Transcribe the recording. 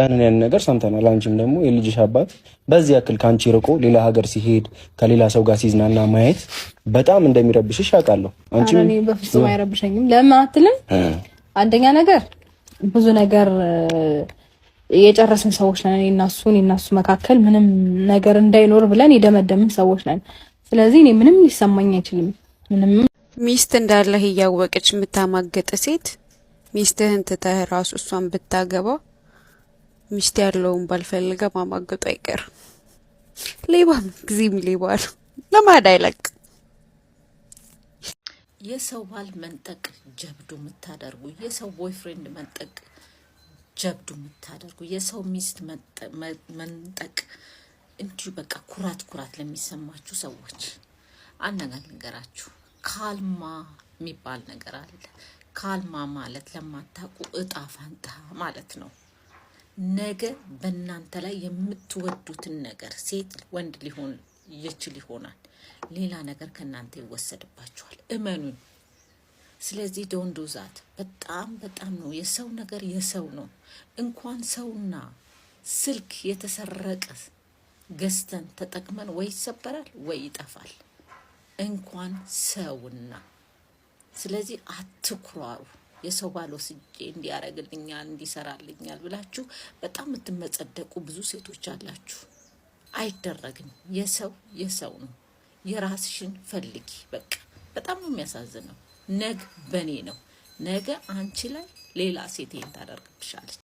ያንን ያንን ነገር ሰምተናል። አንቺም ደግሞ የልጅሽ አባት በዚህ ያክል ከአንቺ ርቆ ሌላ ሀገር ሲሄድ ከሌላ ሰው ጋር ሲዝናና ማየት በጣም እንደሚረብሽሽ አውቃለሁ። አንቺም በፍጹም አይረብሸኝም። ለምን አትልም? አንደኛ ነገር ብዙ ነገር የጨረስን ሰዎች ነን። እኔና እሱ እሱ መካከል ምንም ነገር እንዳይኖር ብለን የደመደምን ሰዎች ነን። ስለዚህ እኔ ምንም ሊሰማኝ አይችልም። ምንም ሚስት እንዳለህ እያወቀች የምታማገጥ ሴት ሚስትህን ትተህ ራሱ እሷን ብታገባ ሚስት ያለውን ባልፈልገ ማማገጡ አይቀርም። ሌባ ጊዜም ሌባ ነው፣ ለማዳ አይለቅ። የሰው ባል መንጠቅ ጀብዱ የምታደርጉ የሰው ቦይፍሬንድ መንጠቅ ጀብዱ የምታደርጉ የሰው ሚስት መንጠቅ እንዲሁ በቃ ኩራት ኩራት ለሚሰማችሁ ሰዎች አነጋል ልንገራችሁ። ካልማ የሚባል ነገር አለ። ካልማ ማለት ለማታውቁ እጣ ማለት ነው። ነገ በእናንተ ላይ የምትወዱትን ነገር ሴት ወንድ ሊሆን ይችል ይሆናል። ሌላ ነገር ከእናንተ ይወሰድባችኋል። እመኑኝ። ስለዚህ ዶንዶ ዛት በጣም በጣም ነው። የሰው ነገር የሰው ነው። እንኳን ሰውና ስልክ የተሰረቀ ገዝተን ተጠቅመን ወይ ይሰበራል ወይ ይጠፋል። እንኳን ሰውና ስለዚህ አትኩራሩ። የሰው ባል ወስጄ እንዲያረግልኛል እንዲሰራልኛል ብላችሁ በጣም የምትመጸደቁ ብዙ ሴቶች አላችሁ። አይደረግም። የሰው የሰው ነው። የራስሽን ፈልጊ። በቃ በጣም ነው የሚያሳዝነው። ነግ በኔ ነው ነገ አንቺ ላይ ሌላ ሴት ታደርግብሻለች።